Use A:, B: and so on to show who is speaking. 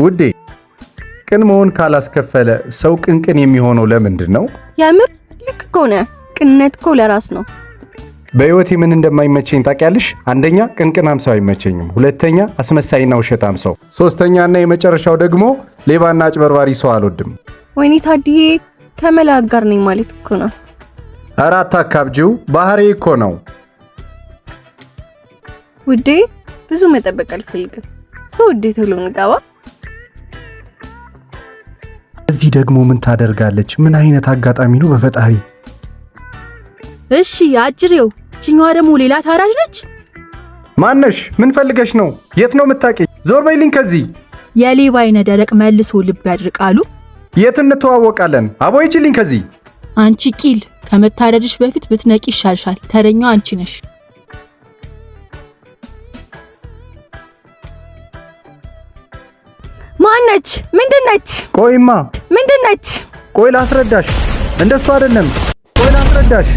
A: ውዴ ቅን መሆን ካላስከፈለ ሰው ቅንቅን የሚሆነው ለምንድን ነው?
B: የምር ልክ ከሆነ ቅንነት እኮ ለራስ ነው።
A: በህይወቴ ምን እንደማይመቸኝ ታውቂያለሽ? አንደኛ ቅንቅናም ሰው አይመቸኝም። ሁለተኛ አስመሳይና ውሸታም ሰው፣ ሶስተኛና የመጨረሻው ደግሞ ሌባና አጭበርባሪ ሰው አልወድም።
B: ወይኔ ታድዬ ከመላክ ጋር ነኝ ማለት እኮ ነው።
A: አራት አካብጂው ባህሪ እኮ ነው
B: ውዴ። ብዙ መጠበቅ አልፈልግም። ሰው ውዴ፣ ቶሎ እንጋባ
A: እዚህ ደግሞ ምን ታደርጋለች? ምን አይነት አጋጣሚ ነው በፈጣሪ።
B: እሺ አጅሬው፣ ችኛዋ ደግሞ ሌላ ታራጅ ነች።
A: ማነሽ? ምን ፈልገሽ ነው? የት ነው የምታውቂ? ዞር በይልኝ ከዚህ።
B: የሌባ አይነ ደረቅ መልሶ ልብ ያድርቃሉ።
A: የት እንተዋወቃለን? አቦይችልኝ ከዚህ።
B: አንቺ ቂል፣ ከመታረድሽ በፊት ብትነቂ ይሻልሻል። ተረኛው አንቺ ነሽ። ማነች? ነች? ቆይማ ነች?
A: ቆይ ላስረዳሽ። እንደሱ አይደለም። ቆይ ላስረዳሽ